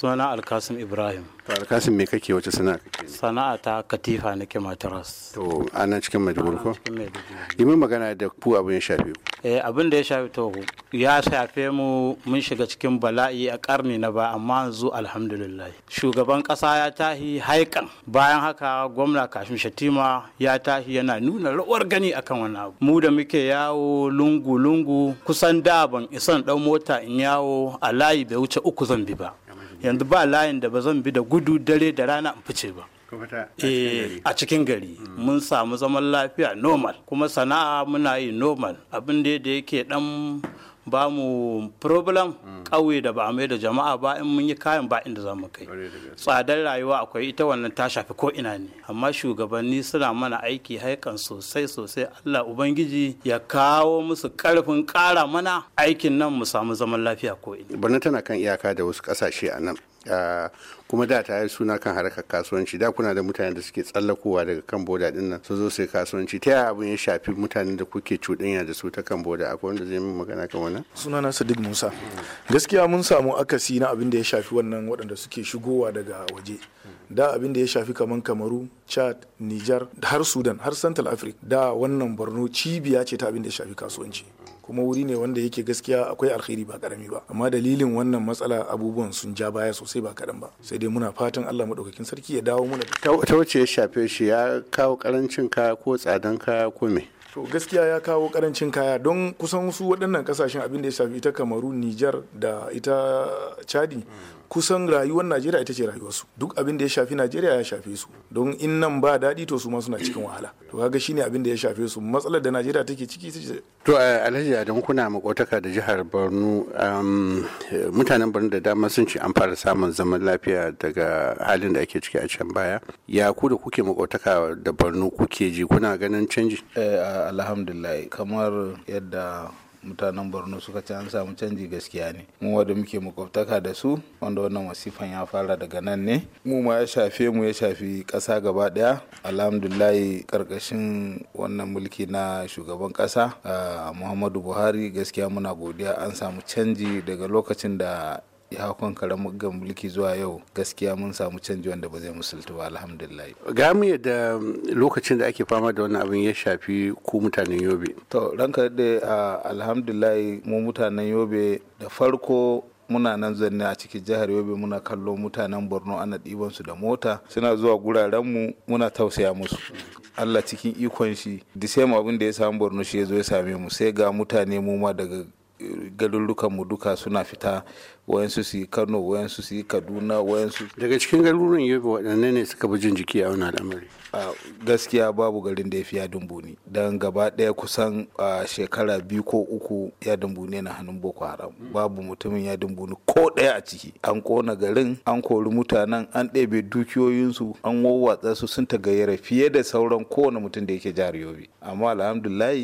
suna alkasim ibrahim to alkasim me kake wace sana'a kake sana'a ta katifa nake matras to ana cikin maiduguri ko yi mun magana da ku abin ya shafe ku eh abin da ya shafe to ya shafe mu mun shiga cikin bala'i a karni na ba amma yanzu alhamdulillah shugaban kasa ya tahi haikan bayan haka gwamna kashim shatima ya tahi yana nuna rawar gani akan wani abu mu da muke yawo lungu lungu kusan da ban isan dan mota in yawo a layi bai wuce uku zan bi ba yanzu ba layin da ba zan bi da gudu dare da rana in fice ba eh, a cikin gari mm. mun samu zaman lafiya normal kuma sana'a muna yi normal abin da yake dan ba mu problem ƙauye da ba mai da jama'a ba in mun yi kayan ba inda za mu kai tsadar rayuwa akwai ita wannan ta shafi ko ina ne amma shugabanni suna mana aiki haikan sosai sosai Allah ubangiji ya kawo musu karfin kara mana aikin nan mu samu zaman lafiya ko ina. tana kan iyaka da wasu ƙasashe a nan. kuma da ta suna kan harkar kasuwanci da kuna da mutane da suke tsallakowa daga kan boda din nan su zo su kasuwanci ta yaya abin ya shafi mutanen da kuke cuɗanya da su ta kan boda akwai wanda zai min magana kan wannan suna na Sadiq Musa gaskiya mun samu akasi na abin da ya shafi wannan waɗanda suke shigowa daga waje da abin da ya shafi kamar Kamaru Chad Niger har Sudan har Central Africa da wannan Borno cibiya ce ta abin da ya shafi kasuwanci kuma wuri ne wanda yake gaskiya akwai alkhairi ba karami ba amma dalilin wannan matsala abubuwan sun ja baya sosai ba kadan ba sai dai muna fatan Allah madaukakin sarki ya dawo muna ta wuce ya shafe shi ya kawo karancin ka ko tsadan ka ko me to gaskiya ya kawo karancin kaya don kusan su waɗannan kasashen abin da ya shafi ita kamaru nijar da ita chadi kusan rayuwar najeriya ita ce rayuwarsu duk abin da ya shafi najeriya ya shafe su don in nan ba daɗi to su ma suna cikin wahala to kaga shine abin da ya shafe su matsalar da najeriya take ciki ce to eh, alhaji don kuna makotaka da jihar borno mutanen borno da dama sun ce an fara samun zaman lafiya daga halin da ake ciki a can baya ya ku da kuke makotaka da borno kuke ji kuna ganin canji eh, alhamdulillah kamar yadda mutanen borno suka ce an samu canji gaskiya ne mu wadda muke makwabtaka da su wanda wannan wasifan ya fara daga nan ne mu ma ya shafe mu ya shafi ƙasa gaba ɗaya alhamdulahi karkashin wannan mulki na shugaban ƙasa ah, muhammadu buhari gaskiya muna godiya an samu canji daga lokacin da ya kan ga mulki zuwa yau gaskiya mun samu canji wanda ba zai musulta ba alhamdulillah ga mu da lokacin da ake fama da wannan abin ya shafi ku mutanen yobe to ranka da alhamdulillah mu mutanen yobe da farko muna nan zanne a cikin jihar yobe muna kallo mutanen borno ana ɗiban su da mota suna zuwa guraren mu muna tausaya musu allah cikin ikon shi disem abin da ya samu borno shi ya zo ya same mu sai ga mutane mu ma daga garurrukanmu duka suna fita wayansu su yi kano wayansu su yi kaduna wayansu daga cikin garuruwan yobe waɗanne ne suka fi jin jiki a wani al'amari gaskiya babu garin da ya fi yadin buni. don gaba ɗaya kusan shekara biyu ko uku yadin buni na hannun boko haram mm. babu mutumin yadin buni ko ɗaya a ciki an kona garin an kori mutanen an ɗebe dukiyoyinsu an wawwatsa su sun tagayyara fiye da sauran kowane mutum da yake jihar yobe amma alhamdulillah